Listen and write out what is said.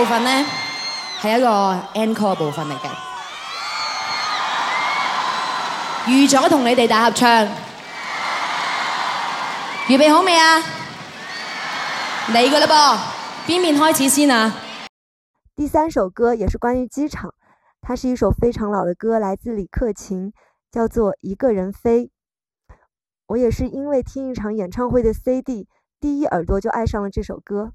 部分呢，係一個 encore 部分嚟嘅，預咗同你哋大合唱，預備好未啊？你噶啦噃，邊面開始先啊？第三首歌也是關於機場，它是一首非常老嘅歌，來自李克勤，叫做《一個人飛》。我也是因為聽一場演唱會嘅 CD，第一耳朵就愛上了這首歌。